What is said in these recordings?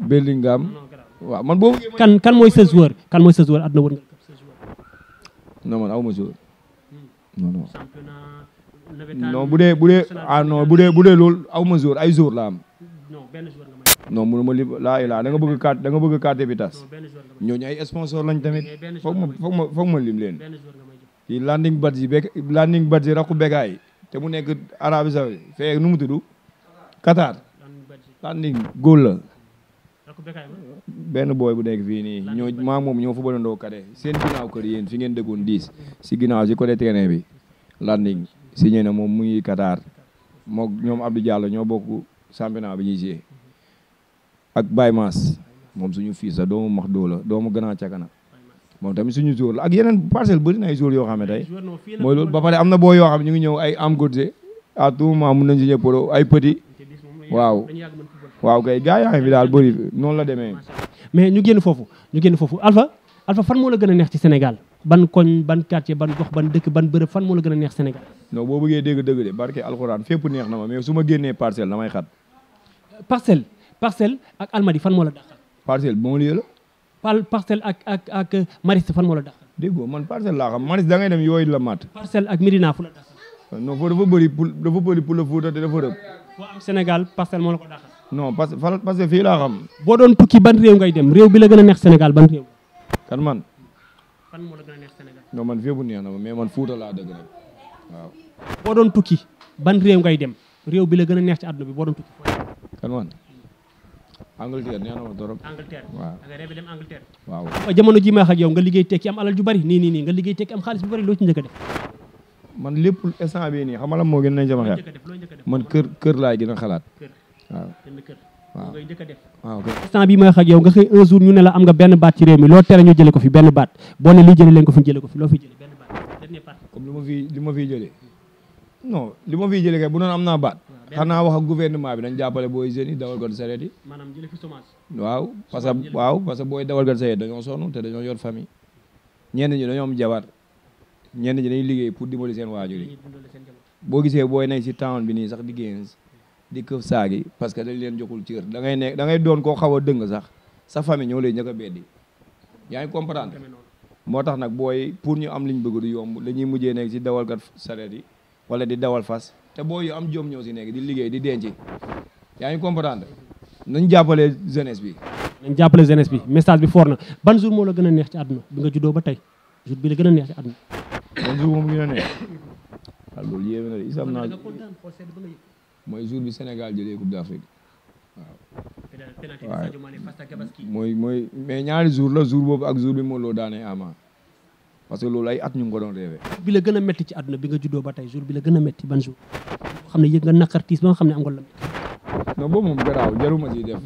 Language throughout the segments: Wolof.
Bellingham. waaw man boobu. kan kan mooy sa joueur kan mooy sa joueur àdduna wër nga. non man aw ma joueur hmm. non non. non bu dee bu dee ah non bu dee bu dee loolu aw ma joueur ay joueur la noo non mënu ma li laa ilaa da nga bëgg carte da nga bëgg carte bi tas ñooñu ay sponsor lañ tamit foog ma foog ma foog ma lim leen ci landing bat yi bek landing rakku begaay te mu nekk Arabie Saoudite fee nu mu tudd Qatar landing góol la benn booy bu nekk fii nii ñoo maa moom ñoo doo kare seen ginnaaw kër yéen fi ngeen dëggoon diis si ginnaaw si côté terrain bi landing signé na moom mu ngi Qatar mook ñoom Abdou Diallo ñoo bokk championnat bi ñuy joué ak Baye Mass moom suñu fils la doomu max doo la doomu gannaaw cakana moom tamit suñu jour la ak yeneen parcelle bëri ay jour yoo xam ne tey mooy loolu ba pare am na boo yoo ñu ngi ñëw ay am godse à tout mun na signé pro ay petit waaw waaw kay gars yaa ngi fi daal bëri noonu la demee. mais ñu génn foofu ñu génn foofu Alpha Alpha fan moo la gën a neex ci Sénégal ban koñ ban quartier ban gox ban dëkk ban bërëb fan moo la gën a neex Sénégal. non boo bëggee dégg dëgg de barke alxuraan fépp neex na ma mais su ma génnee parcelle damay xat. parcelle ak almadi fan moo la dàqal. parcelle bon par parcelle ak ak ak Mariste fan moo la dàqal. déggoo man parcelle laa xam Mariste da ngay dem yooyu la mat. parcelle ak Médina fu la dàqal. non foofu la Fouta te dafa rëb. boo am Sénégal parcelle non parce que parce que fii laa xam. boo doon tukki ban réew ngay dem réew bi la gën a neex Sénégal ban réew. kan man. fan moo la a neex Sénégal. non man fépp neex na ma mais man Fuuta laa dëgg rek doon tukki ban réew ngay dem réew bi la gën a neex ci àdduna bi boo doon tukki. kan man. Angleterre neex na ma trop. Angleterre waaw da ngay dem Angleterre. waaw jamono jii may wax ak yow nga liggéey tekki am alal ju bari nii nii nii nga liggéey tekki am xaalis bu bari loo ci njëkk a def. man lépp instant bii nii xam moo gën a nekk man kër kër dina xalaat waaw jënd kër waaw ngay njëkk a def waaw instant bi may xaj yow nga xëy un jour ñu ne la am nga benn baat ci réew mi loo tere ñu jële ko fi benn baat boo ne lii jële leen ko fi jële ko fi loo fi jële benn baat dernier ma fi li ma li ma fiy jëlee kay bu doon am naa baat xanaa wax a gouvernement bi nañ jàppale booy jeunes yi dawal kat sareet yi maanaam jële fi chômage waaw parce que waaw parce que booy dawal kat sareet dañoo sonn te dañoo yor famille ñenn ñi dañoo am jabar ñenn ñi dañuy liggéey pour dimbali seen waajur yi boo gisee booy nay si town bi nii sax di 15 di këf saag parce que dañ leen joxul cër da ngay nekk da doon koo xaw a dëng sax sa famille ñoo lay ñëkk a beddi yaa ngi comprendre moo tax nag booy pour ñu am liñ bëgg du yomb dañuy mujjee nekk si dawalkat sareet yi wala di dawal fas te booy yu am jom ñëw si nekk di liggéey di denc yaa ngi comprendre nañ jàppale jeunesse bi nañ jàppale jeunesse bi message bi fort na ban jour moo la gën a neex ci àdduna bi nga juddoo ba tey jour bi la gën a neex ci àdduna ban jour a ah, loolu yéeme na mooy jour bi Sénégal jëlee Coupe d'Afrique waaw. waaw mooy mooy mais ñaari jour la jour boobu ak jour bi Modou Lô daanee Ama parce que loolu ay at ñu ngi ko doon bi la gën a métti ci àdduna bi nga juddoo ba tey jour bi la gën a métti ban jour. xam ne yëg nga naqar tiis ba xam ne am nga la métti. non boobu moom ci def.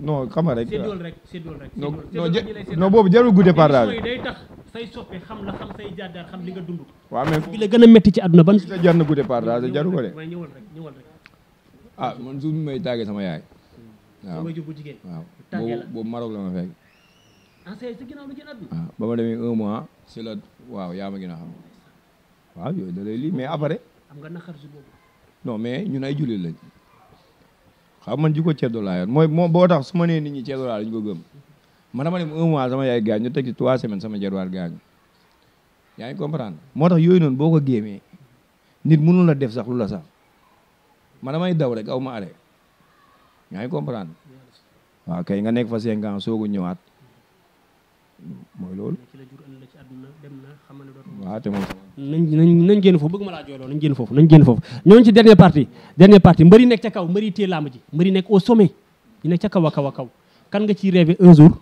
non xam rek. séddool rek séddool boobu jarul guddee partage. day tax say soppe xam la xam say jàddaar xam li nga dund. bi la gën a métti ci àdduna ban. bi la jar na guddee partage jarul ko a man suuf ma tàggee sama yaay. waaw waaw boobu Maroc la ma fekk. waaw ba ma demee un mois si la waaw yaa ma gën a xam waaw yooyu da lay lii mais après. am nga naqar si boobu. non ñun ay jullit lañ xam man ji ko ceddo laa mooy moom boo tax su ma nee nit ñi ceddo laa dañu ko gëm man dama dem un mois sama yaay gaañ ñu teg ci trois semaines sama jarwaar gaañ yaa ngi comprendre moo tax yooyu noon boo ko géemee nit mënu la def sax lu la sax man damay daw rek aw ma arrêt yaa ngi comprendre kay nga nekk fa cinq ans soogu ñëwaat mooy loolu. waaw te moom. nañ nañ nañ génn foofu bëgg ma laa jooyloo nañ génn foofu nañ génn foofu ñooñu ci dernière partie dernière partie mbëri nekk ca kaw mbëri téye làmb ji mbëri nekk au sommet ñu nekk ca kaw a kaw a kaw kan nga ci rêvé un jour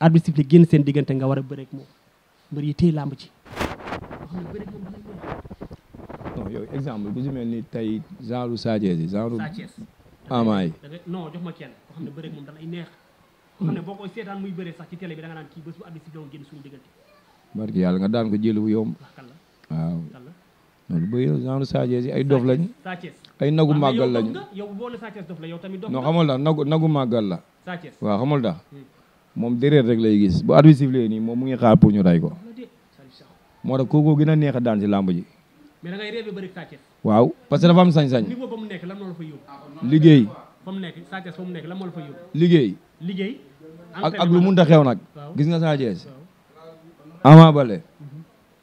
arbitre bi génn seen diggante nga war a bëreek moom yi téye làmb ci jox yow exemple bu si mel tey genre Sa Thiès yi genre. yi. non jox ma kenn xam ne bëreeg moom dafay neex. koo xam boo koy muy bëree sax ci télé nga kii bés bu àddina si doon génn nga daan ko jël bu yomb. waaw. loolu bu yow genre Sa ay dof lañ. Sa Thiès nagu màggal lañu. yow boo ne Sa la yow tamit dof non xamul la nagu nagu màggal la. Sa Thiès waaw xamul da hmm. moom déréer rek lay gis bu arbitre sifflé nii moom mu ngi xaar pour ñu ray ko moo tax kookoo gën a neex a daan si làmb ji mais da waaw parce que dafa sañ-sañ ah, mu nekk lan moo la fa yóbbu liggéey fa mu nekk Sathiès fa liggéey liggéey ak ak lu mënta xew nag gis nga Sathiès Ama Baldé mhm.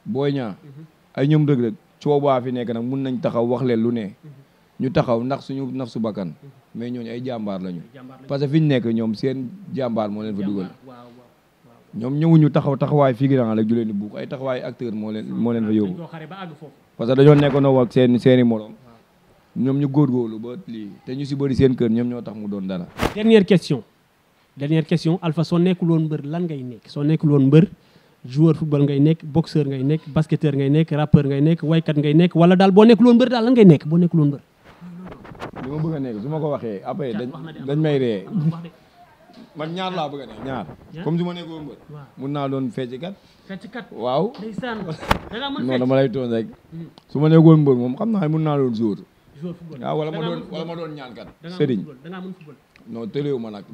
Boy Niang mhm. ay ñoom dëgg rek coobaa fi nekk nag mun nañ taxaw wax leen lu ne mhm. ñu taxaw ndax ñu naf su bakkan mais ñooñu ay jàmbaar lañu parce que fi ñu nekk ñoom seen jàmbaar moo leen fa dugal ñoom ñëwuñu taxaw taxawaay figurant rek ju leen di buux ay taxawaay acteur moo leen hmm. moo leen fa yóbbu parce que dañoo nekk ak seen seen i morom ñoom ñu góorgóorlu ba lii te ñu si bëri seen kër ñoom ñoo tax mu doon dara. dernière question dernière question Alpha soo nekk loon mbër lan ngay nekk soo nekk loon mbër joueur football ngay nekk boxeur ngay nekk basketteur ngay nekk rappeur ngay nekk waykat ngay nekk wala daal boo nekk woon mbër daal lan ngay nekk boo nekkul woon mbër. li ma bëgg a nekk su ma ko waxee après dañ dañ may ree ma ñaar laa bëgg a ne ñaar comme du ma nekkoo mbër mun naa doon fecckat fecckat waaw non dama lay toon rek mm. su ma nekkoo mbër moom xam naa mun naa doon jour ah, waaw wala ma doon wala ma doon ñaankat sëriñ non téléwu ma nag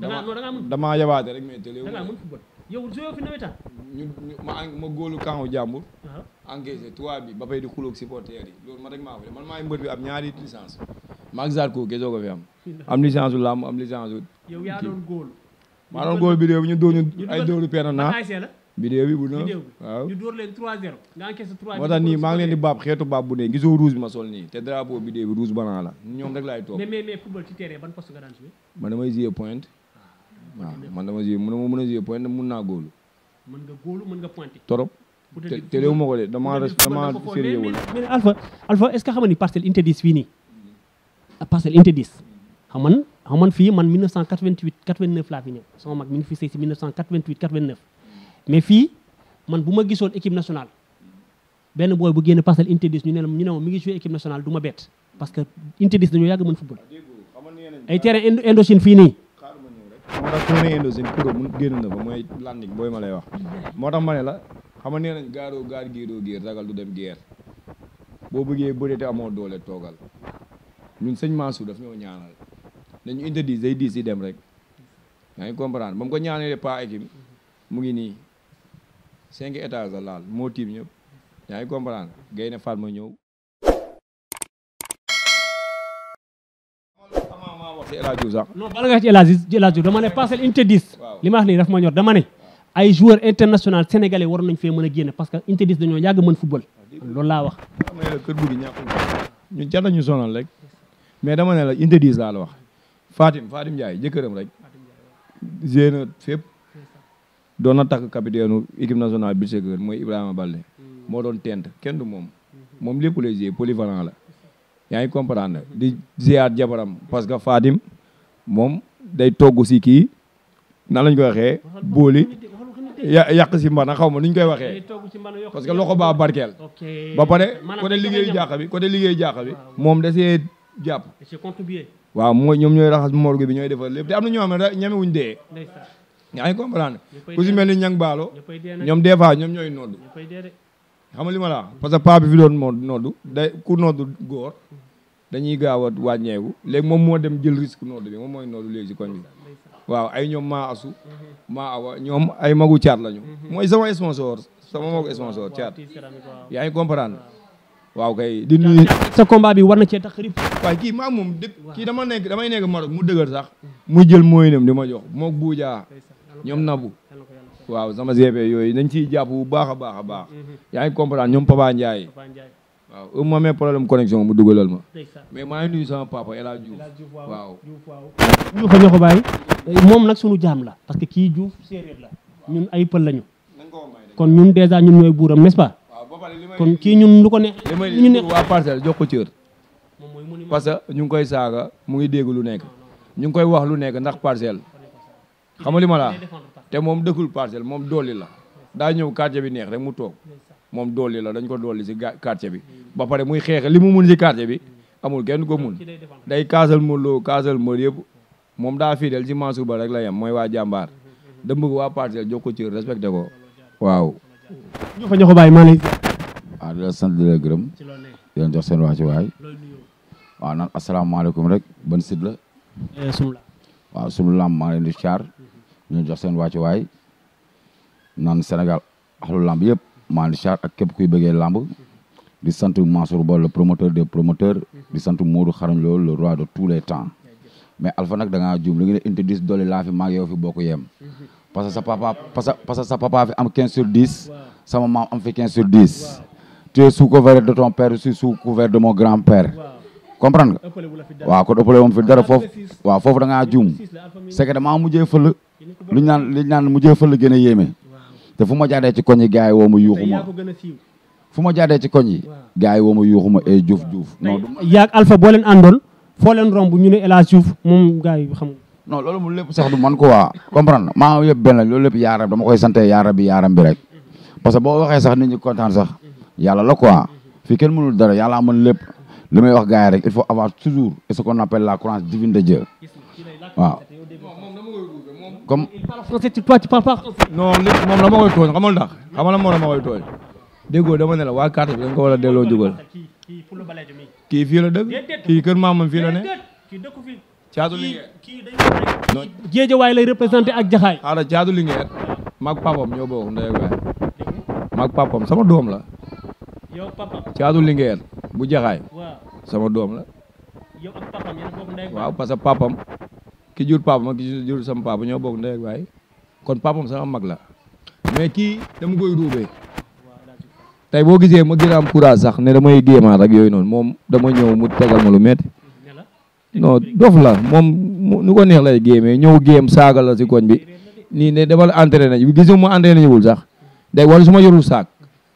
damaa yabaate rek mais téléwu ma yow soo fi nawetaan ñu ma ma góolu kangu jàmbur encaissé trois bi ba fay di xuloog supporters yi loolu man rek maa ko def man maay mbër bi am ñaari licence ma Zarko ke soo ko fi am am licence u am licence u yow yaa doon góolu maa doon góor vidéo bi ñu dóor ñu ay dóoru naa vidéo bu na waaw ñu dóor nii maa leen di baab xeetu baab bu ne gisoo rouge bi ma sol nii te drapeau vidéo bi rouge banaa la ñoom rek laay toog mais mais mais football ci point ah, mun a joué point mun naa góolu mën nga góolu mën nga ko de dama dama sérieux wul est-ce que xam nga ni parcelle interdit fii nii parcelle interdit xam xam man fii man 1988 89 la fi ñew sama mag mi ngi fi sëy 1988 89 mais fi man buma gissone équipe nationale ben boy bu génn parcelle unité ñu ne ñu ne mi ngi joué équipe nationale duma ma parce que unité dañu yag mëne football ah, ay terrain Indochine fii nii moo tax su ma nee Indochine kuréel mu génn na ba moy landing boy ma lay wax motax mané la xam nga nee garo gar giro giir ragal du dem géer boo bëggee bëreete amo doolé togal ñun seigne Mansour daf ñoo ñaanal dañu interdit day diis dem rek yaa ngi ko ñaanalee mu ngi nii cinq étages la laal moo tiim gay ne Fatma ñëw. non bala nga ci El Hadj El Hadj dama ne parcelle unité 10. li ma wax nii daf ma ñor dama ne. ay joueurs international sénégalais war nañ fee mën a génn parce que unité 10 dañoo yàgg mën football. loolu laa wax. dama ne la kër bu gi rek mais dama ne la unité 10 Fatim Fatim Ndiaye jëkkëram rek génn fépp doon na takk capitaine équipe nationale bi sëgër mooy Ibrahima Balde hmm. moo doon tent kenn du moom hmm. moom lépp lay gée polyvalent la yaa ngi hmm. di géaat jabaram parce que Fatim moom day togg si kii nan lañ koy waxee booli yàq si mbana xaw ma nu ñu koy waxee parce que loxo baa barkeel ba pare côté liggéey jàq bi côté liggéey jàq bi moom da see jàpp waaw mooy ñoom ñooy raxas morgue bi ñooy defar lépp te am na ñoo xam ne ñeme wuñ dee yaa ngi comprendre ku si mel ni ñang baalo ñoom des fois ñoom ñooy noddu xam nga li ma la parce que paa bi fi moo noddu day ku noddu góor dañuy gaaw a wàññeeku léegi moom moo dem jël risque noddu bi moom mooy noddu léegi si koñ bi waaw ay ñoom maa asu mhm. maa ñoom ay magu la lañu mhm. mooy sama sponsor sama magu sponsor caat yaa ngi comprendre waaw kay di nuyu sa combat bi war na cee tax rib waaw kii maa moom dëkk kii dama nekk damay nekk Maroc mu dëgër sax mu jël mooy nam di ma jox mook buujaa ñoom nabu waaw sama GP yooyu nañ ciy jàpp bu baax a baax a baax yaa ngi ñoom Papa Ndiaye waaw au moins problème connexion mu dugalal ma mais maa ngi nuyu sama papa El Hadj Diouf waaw Diouf ñoo ko bàyyi moom nag suñu jaam la parce que kii Diouf séeréer la ñun ay pël lañu kon ñun dèjà ñun ñooy buuram n'est-ce kon kii ñun lu ko ne. li ñu ne waa parcelle jox ko cër. parce que ñu ngi koy saaga mu ngi dégg lu nekk. ñu ngi koy wax lu nekk ndax parcelle. xam nga li ma laa te moom dëkkul parcelle moom dolli la. daa ñëw quartier bi neex rek mu toog moom dolli la dañ ko dolli si quartier bi. ba pare muy xeex li mu mun si quartier bi amul kenn ko mun day kaasal Modou Lo kaasal Modou yëpp moom daa fidèle si Mansour Ba rek la yam mooy waa jàmbaar da bëgg waa parcelle jox ko cër respecté ko waaw. ñu fa jox ko waa di la sant seen waaci waay waaw naan rek ban sit la eh, waaw sunu làmb maa ngi leen di mhm. jox seen waaci waay naan Sénégal axlu làmb yëpp maa ngi di caar ak képp kuy bëggee lamb mhm. di sant Mansour Ba le promoteur des promoteurs mhm. di sant Modou Xarañ Lo le roi de tous les temps mais Alpha nag da ngaa juum li ngi ne interdit doole laa fi maa fi bokk yem parce que sa papa parce que sa papa fi am 15 sur 10 sama maam am fi 15 sur 10 tu es sous couvert de ton père je couvert de mon grand-père comprendre nga waaw kon ëppale fi dara foofu waaw foofu da ngaa juum c'est que damaa mujjee fël luñ naan liñ a yéeme te fu ma jaadee ci koñ yi gars yi woo ma yuuxu ma fu ma jaadee ci koñ yi gars yi woo ma yuuxu ma ay Diouf Diouf non yaag Alpha boo leen àndoon foo leen romb ñu ne El Hadj Diouf moom gars yi xam non loolu mu lépp sax du man ko waa comprendre maa yëpp benn loolu lépp yaaram dama koy sante yaaram bi yaaram bi rek mm-hmm. parce que boo yàlla la quoi fii kenn mënul dara yàlla mën lépp li may wax gars rek il faut avoir toujours ce qu'on appelle la croyance divine de Dieu waaw. comme. il parle français toi tu parles pas français. non li moom dama ne la waa bi da ko war a delloo jugal. kii fii la dëkk kii kër maamam fii la ne. caatu Linguère lay représenté ak Jaxaay. xaaral caatu Linguère. maag papam ñoo bokk ndey ak waay. papam sama doom la. yow papam caatu lingéen bu jaxaay sama doom la waaw parce que papam ki jur papam ak ki jur sama papa ñoo bokk ndey ak baay kon papam sama mag la mais kii dama koy ruubee tey boo gisee ma gën a sax ne damay géemaat ak yooyu noonu moom dama ñëw mu tegal ma lu métti non dof la moom nu ko neex lay géemee ñëw géem saaga la si koñ bi nii ne dama la entraîné bi gisuma mu entraîné ñëwul sax day wala su ma yorul saag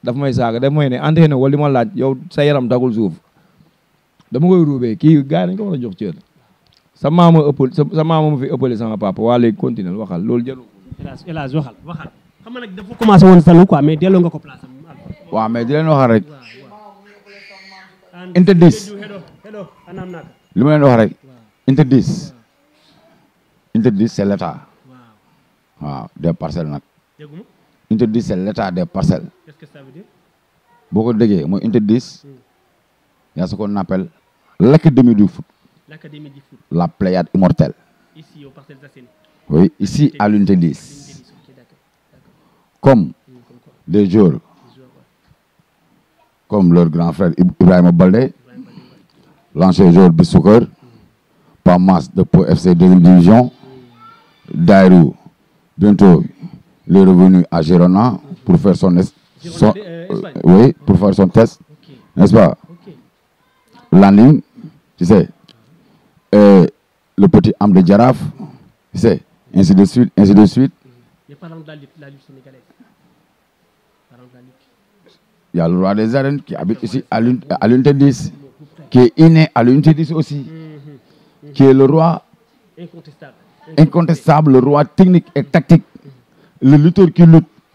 daf may saaga daf may ne entraîné wala li ma laaj yow sa yaram dagul suuf dama koy ruubee kii gaar yi dañ ko war a jox cër sa maama ëppal sa maama mu fi ëppale sama papa waa léegi continué waxal loolu jarul. hélas waxal waxal xam nga nag dafa commencé woon salu mais delloo nga ko place waaw mais waxal rek. interdis li ma wax rek interdis interdis c'est l'état waaw des parcelles nag interdis c'est l'état des parcelles Qu'est-ce que ça veut dire Beaucoup de déggee moi, hmm. 10 y a ce qu'on appelle l'académie du foot. l'académie du foot. la Pléiade immortelle. ici au des Assainies. oui ici à l'unité 10. comme hmm, des jours, comme leur grand frère Ibrahim Baldé l'ancien joueur hmm. de Pas masse de POFC FC deuxième division Dairou bientôt il est revenu à Girona pour faire son euh, euh, oui, pour faire son test, n'est-ce pas okay. tu sais, euh, le petit âme de girafe, tu sais, ainsi de suite, ainsi de suite. Il y a le roi des arènes qui habite ici à l'unité 10, qui est inné à l'unité 10 aussi, mhm, mhm. qui est le roi incontestable, incontestable le roi technique et tactique, le lutteur qui lutte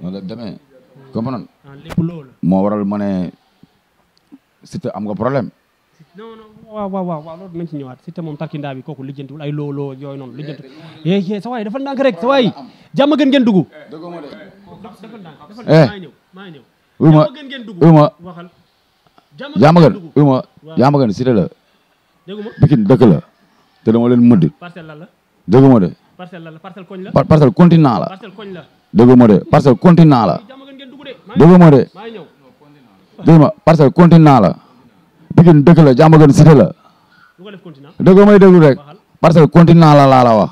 noonu la demee comprendre ah, moo waral ma ne am nga problème non non waaw waaw waaw loolu dinañ ci ñëwaat Siteu moom tarkindaa bi kooku lijjantiwul ay looloo yooyu noonu lijjantu yee eh, eh, eh, sa waay dafa ndànk rek sa waay jàmm gën ngeen dugg dafa ndànk dafa maa ñëw maa ñëw uma uma jàmm la Pikine dëkk la te dama leen mëdd parcelle la la dëgg ma de parcelle la la parcelle la parcelle dëgg ma de parce que continent la dëgg ma de dëgg ma parce que continent la Pikine dëkk la Diamaguène cité la dëgg may déglu rek parce que continent la laa la wax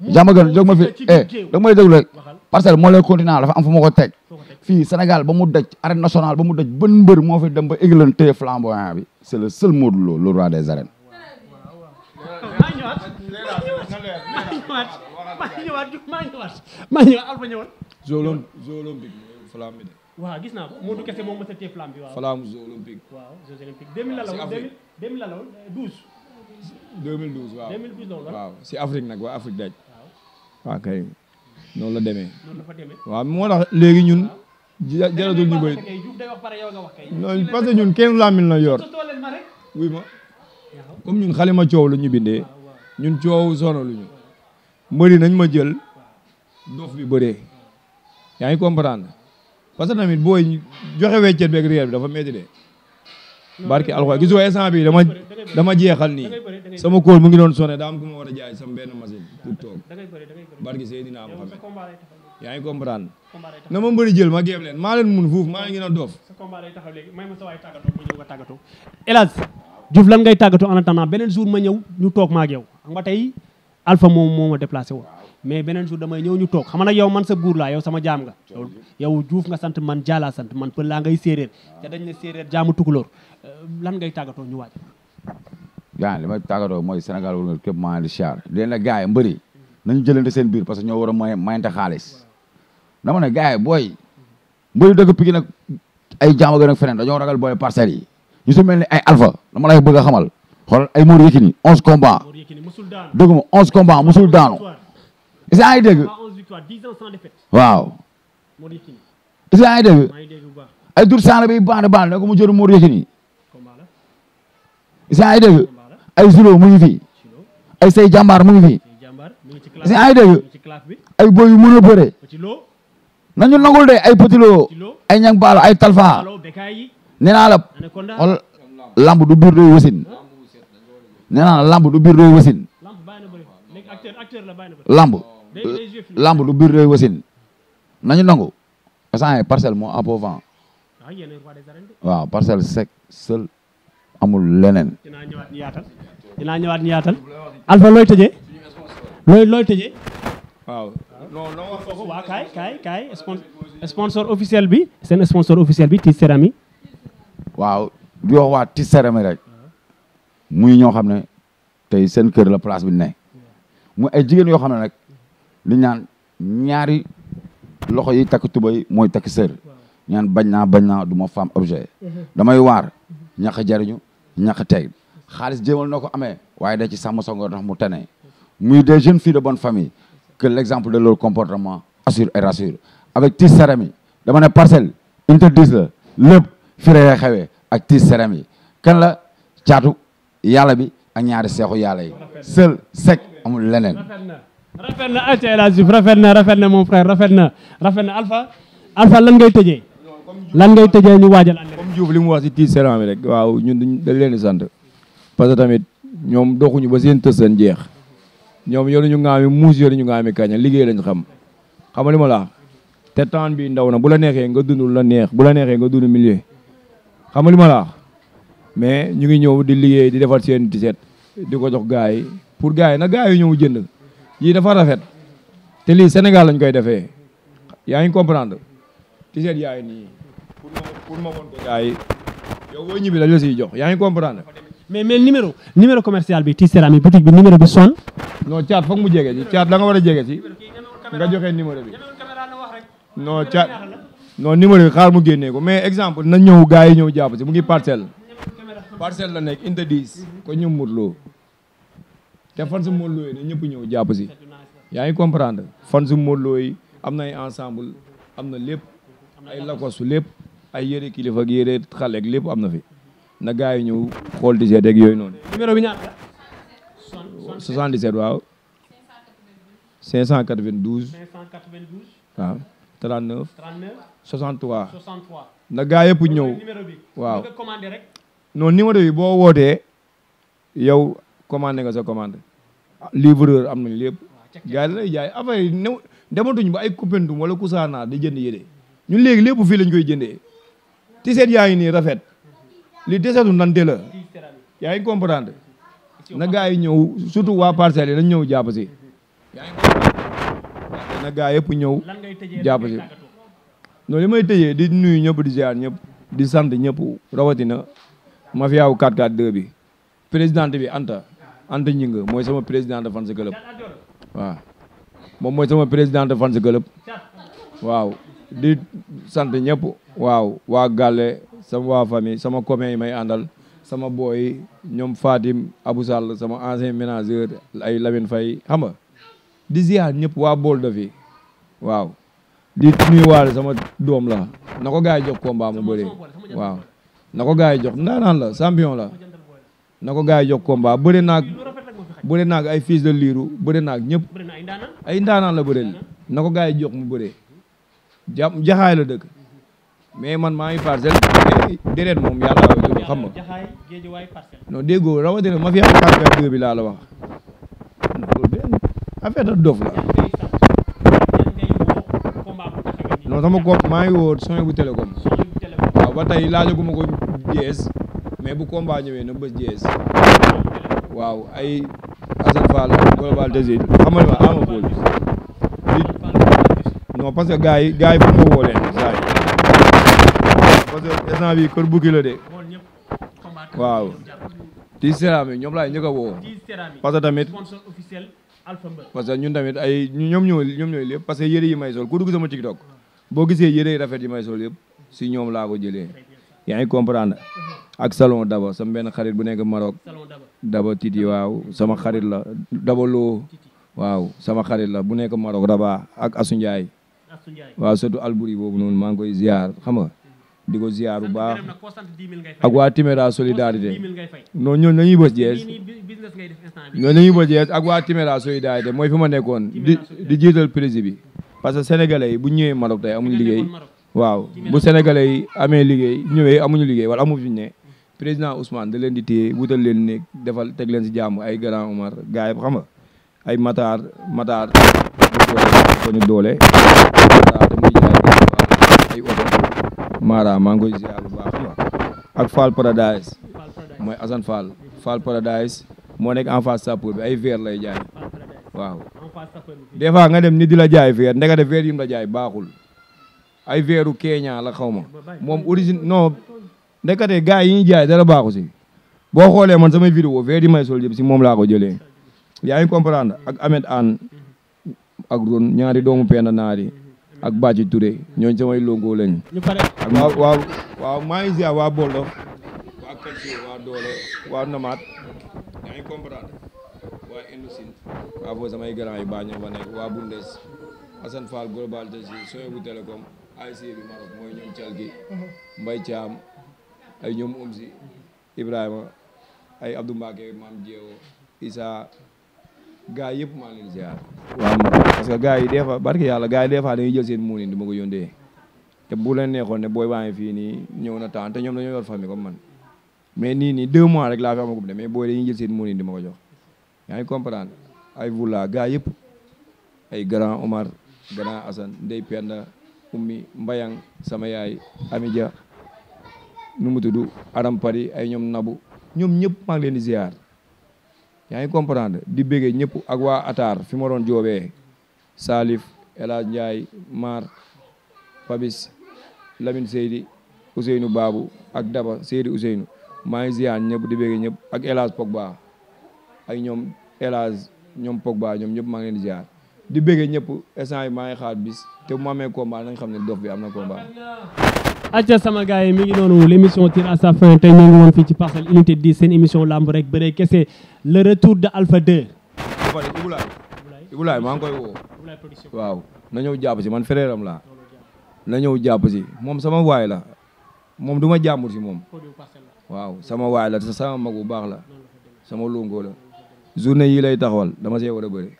Diamaguène jóg ma fi eh dëgg may déglu rek parce que moo leen continent dafa am fu ma ko teg fii Sénégal ba mu daj arène nationale ba mu daj ban mbër moo fi dem ba églan téye flamboyant bi c'est le seul Modou Lo le roi des arènes maa ngi ñëw Alpha ñëwoon. zoolom zoolympique flamme bi de. waaw gis naa ko Modou Kese moom mos a téye flamme bi waaw. flamme zoolympique. waaw jeux olympiques 2000 la la woon 2000 la la woon 12. Euh, 2012 waaw 2012 la woon waaw si Afrique nag waa Afrique daj. waaw kay noonu la demee. noonu la fa demee waaw moo tax léegi ñun. jaratul ñu bëri non parce que ñun kenn laamin la yor wuy ma comme ñun xalima coow la ñu bindee ñun coow sonaluñu mbëri nañ ma jël doof bi bëree yaa ngi comprendre parce que tamit booy joxe weccet beeg réer bi dafa métti de barki alxuraan gis nga instant bi dama dama jeexal nii sama kóol mu ngi doon sone daa am ku ma war a jaay sama benn machine pour toog barki Seydina Muhammad yaa ngi comprendre na ma mbëri jël ma géem leen maa leen mun fuuf maa ngi doon doof El Hadj Diouf lan ngay tàggatoo en attendant beneen jour ma ñëw ñu toog maa ak yow xam nga tey Alpha moom moo déplacé woon mais beneen jour damay ñëw ñu toog xam na yow man sa buur laa yow sama jaam nga yow juuf nga sant man jaalaa sant man pël laa ngay séeréer te dañ ne séeréer jaamu tukulóor euh, lan ngay tàggatoo ñu waaj yaa li tàggatoo mooy Sénégal wër nga képp maa li char leen na gars yi mbëri nañu seen biir parce que ñoo war a may mayante xaalis na ma ne gars yi booy mbëri dëkk Pikine nag ay jaama gën feneen dañoo ragal booy parcelles yi ñu su mel ni ay alpha dama lay bëgg xamal xoolal ay Mor Yekini onze combat dëgg onze combat musul daanu yaa ngi dégg waaw yaa ngi dégg ay dur saala bi baax na baax na ko mu jëru Modou Yékini yaa ngi dégg ay Zulo mu ngi fi ay say jàmbaar mu ngi fi ay boy yu mën a nañu nangul de ay Petit Lo ay ñang baalo ay talfa nee naa la xool lamb du biir doy wasin nee naa la lamb du lamb Euh, lamb lu biir réew wasin nañu nangu instant yii parcelle moo ëpp vent ah, waaw parcelle sec seul amul leneen. dinaa ñëwaat ñu yaatal dinaa ñëwaat ñu yaatal. Alpha looy tëjee looy looy tëjee. waaw non non wax foofu waa kaay kaay kaay sponsor officiel bi seen sponsor officiel bi Tis Cérami. waaw di wax waa Tis Cérami rek muy ñoo xam ne tey seen kër la place bi ne mu ay jigéen yoo xam ne rek. li ñaan ñaari loxo yi takk tubay mooy takk sër ñaan bañ naa bañ naa du ma femme objet damay waar ñax jariñu ñax teeg xaalis jéemal noo ko amee waaye da ci sàmm songo ndax mu tene muy des jeunes filles de bonne famille que l'exemple de leur comportement assure et rassure avec tiis serem dama ne parcelle interdise la lépp firee xewee ak tiis serem kan la caatu yàlla bi ñaari seexu yàlla yi sek sec amul leneen rafet na ayca El Hadj rafet na rafet na mon frère rafet na rafet na alfa Alpha lan ngay tëjee lan ngay tëjee ñu waajal ànd comme Diouf li mu wax si tiis seran bi rek waaw ñun dañ leen di sant parce que tamit ñoom doxuñu ba seen tës jeex ñoom yoruñu ngaami muus yoruñu ngaami kaña liggéey lañu xam xam nga li ma la te temps bi ndaw na bu la neexee nga dund la neex bu la neexee nga dund milieu xam nga li ma la mais ñu ngi ñëw di liggéey di defar seen tiset di ko jox gars yi pour gars yi nag gars yi ñëw jënd yii dafa rafet te lii Sénégal lañ koy defee yaa ngi comprendre tiset yaay nii pour pour ma woon ko gars yi yow boo ñibbi la jox yaa ngi comprendre mais mais numéro numéro commercial bi Tisserand bi boutique bi numéro bi son non caat foog mu jege si caat la nga war a jege si nga joxe numéro bi non caat non numéro bi xaar mu génnee ko mais exemple na ñëw gars yi ñëw jàpp si mu ngi parcelle parcel la nekk inte 10 ko ñëw murloo te fonzu su Modou Lo yi ñëpp ñëw jàpp si yaa ngi comprendre Fonzu su Modou yi am ay ensemble amna lepp ay lakosu lepp ay yere kilifa ak yere xale ak lépp am fi na gaay ñew xol di seet yoy non. numéro bi ñaata. 77 waaw. 592. 592. 39. 39. 63. 63. na gaa yëpp bi. waaw. Nga commander rek. non numéro bi boo wootee yow commandé nga sa commande. livreur am nañ lépp gars yi jaay affaire yi new dematuñ ba ay Koupentoum wala Koussanar di jënd yére ñun léegi lépp fii lañ koy jëndee tiseet yaa ngi nii rafet li desetu nante la yaa ngi comprendre na gars yi ñëw surtout waa parcelles yi nañ ñëw jàpp si yaa na gars yëpp ñëw jàpp si noonu li may tëjee di nuyu ñëpp di ziar ñëpp di sant ñëpp rawatina mafia wu 442 bi présidente bi Anta Anta Gningue mooy sama président de fans club waaw moom mooy sama président de fans club waaw di sant ñëpp waaw waa Galle sama waa famille sama copain yi may àndal sama booy ñoom Fatim Abou sama ancien ménageur ay Lamine Faye xam di ziar ñëpp waa bool de fi waaw di nuyuwaale sama doom la na ko gars yi jox combat mu waaw na ko gars yi ndaanaan la champion la na ko gars yi jox combat ay fils de liiru bëri naag ñëpp ay ndaanaan la bëreel na ko gars yi jox mu bëree ja jaxaay la dëkk mais man maa ngi parcelle déedéet moom yàlla xam nga non déggoo rawatina ma fi affaire bi laa la wax benn affaire dof la non sama kopp maa ngi woo son bu télécom waaw ba tey laajaguma ko jees mais bu combat ñëwee na ba jees waaw ay Assane Fall global désir xamal ma ama bool non parce que gars yi gars yi fu ma woo leen saa yi parce que instant bi kër bukki la de waaw di cérami ñoom laay njëkk a tamit parce que ñun ñoom ñoo ñoom ñooy lépp parce que yi may sol ku dugg sama TikTok boo gisee yére yi rafet yi may sol yëpp si ñoom laa ko jëlee yaa ngi comprendre mhm. ak salon daba sama benn xarit bu nekk Maroc daba titi waaw sama xarit la daba loo waaw sama xarit la bu nekk Maroc raba ak Asu Njaay waaw surtout Albouri boobu noonu maa ngi koy ziar xam nga di ko ziar bu baax ak waa Timéra solidarité non na la ñuy bës jees ñooñu la ñuy bës jees ak waa Timéra solidarité mooy fi ma nekkoon di di jiital prési bi parce que sénégalais yi bu ñëwee Maroc tey amuñu liggéey waaw bu sénégalais yi amee liggéey ñëwee amuñu liggéey wala amu fi ne président Ousmane da leen di téye wutal leen ne defal teg leen si jàmm ay grand Omar gars yi xam nga ay Matar Matar ko ñu doole Matar te Mara maa ngi koy ziar bu baax la ak Fall Paradise mooy Assane Fall Fall Paradise moo nekk en face sapeur bi ay verre lay jaay waaw des fois nga dem nit di la jaay verre ndekete ver yi mu la jaay baaxul ay veeru Kenya la xaw ma moom origine non ndekete gars yi ñuy jaay dara baaxu si boo xoolee man samay vidéo veer yi may sol yëpp si moom laa ko jëlee yaa ngi ak Ahmed Anne ak Ron ñaari doomu Penda Naari ak Bàcci Touré ñooñu samay longoo lañ ak waaw waaw waaw maa ngi ziar waa Boldo waa Kalsi waa Doole waa Namaat yaa ngi waa Indosin waa samay grand yi baa ñoo fa nekk waa Bundes Assane Fall global de sooy bu télécom ASC bi Maroc mooy ñoom cal gi mhm. Mbay Caam ay ñoom um si Ibrahima ay Abdou Mbacke maam Jeewo Issa gars yëpp maa leen ziar waaw parce que gars yi des fois barke yàlla gars yi des fois dañuy jël seen muun yi di ma ko yóndee te bu leen ne booy baa ngi fii nii ñëw na temps te ñoom dañoo yor famille man mais nii nii deux mois rek laa fi de mais booy dañuy jël seen muun di ma ko jox yaa ngi ay vula gars yëpp ay grand Omar grand Assane Ndey Penda ummi mbayang sama yaay ami dia nu mu aram pari ay ñom nabu ñom ñëpp ma ngi leen di ziar yaay comprendre di bege ñëpp ak wa atar fi mo don salif ela Hadj Mar Fabis Lamine Seydi Ousseynou babu ak Daba Seydi Ousseynou ma ngi ziar ñëpp di bege ñëpp ak elage Pogba ak ñom elage ñom Pogba ñom ñëpp ma ngi leen ziar di bëggee ñëpp instant yi maa ngi xaar bis te bu ma amee combat nañ xam ne dof bi am na combat. acca sama gars yi mi ngi noonu l' émission tire à sa fin tey ñoo ngi woon fii ci parcelle unité 10 seen émission lamb rek bëree kese le retour de Alpha 2. Ibulaay Ibulaay maa ngi koy woo. waaw na ñëw jàpp si man frère am laa. na ñëw jàpp si moom sama waay la moom du ma si moom. waaw sama waay la te sama mag bu baax la sama longoo la journée yii lay taxawal dama see war a bëri.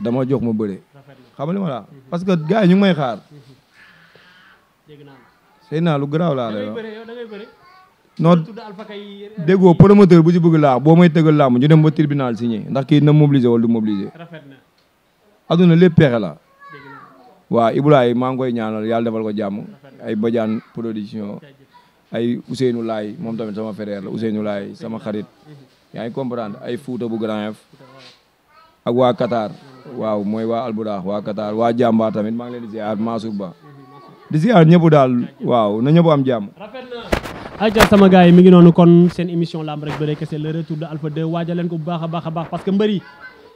dama jox ma bëre xam li ma la parce que gars ñu may xaar sëy naa lu garaaw laa lay wax non euh, déggoo promoteur bu ci bëgg laax boo may tëggal làmb ñu dem ba tribunal signé ndax kii na mobiliser wala du mobiliser aduna lépp pexe la waaw Ibrahima maa ngi koy ñaanal yàlla defal ko jàmm ay Badiane production ay Ousseynou Laay moom tamit sama frère la Ousseynou Laay sama xarit yaa ngi comprendre ay Fouta bu Grand F ak waa Qatar waaw mooy waa Albourakh waa Qatar waa jàmbaar tamit maa ngi leen di ziar baa Ba di daal waaw na ñëpp am jàmm. aja sama gars yi mi ngi noonu kon seen émission lamb rek bëre kese le retour de Alpha leen ko bu baax a baax a baax que mbëri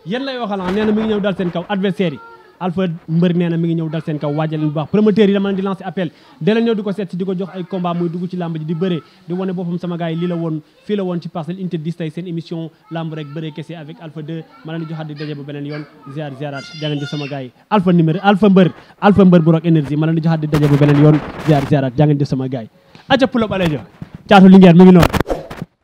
yéen lay waxal ah, nee na mi ngi ñëw dal seen kaw adversaire yi. Alpha mbër nee na mi ngi ñëw dal seen kaw waajal leen bu yi dama leen di lancer appel da ñëw di ko seet si di ko jox ay combat muy dugg ci lamb ji di bëre di wane boppam sama gars lii la woon fii la woon ci Parcelles Unité seen émission lamb rek bëre kese avec Alpha 2 ma leen di joxaat di daje ba beneen yoon ziar ziarat jangeen di sama gars yi aca pulob alejo caatu lingeer mi ngi noonu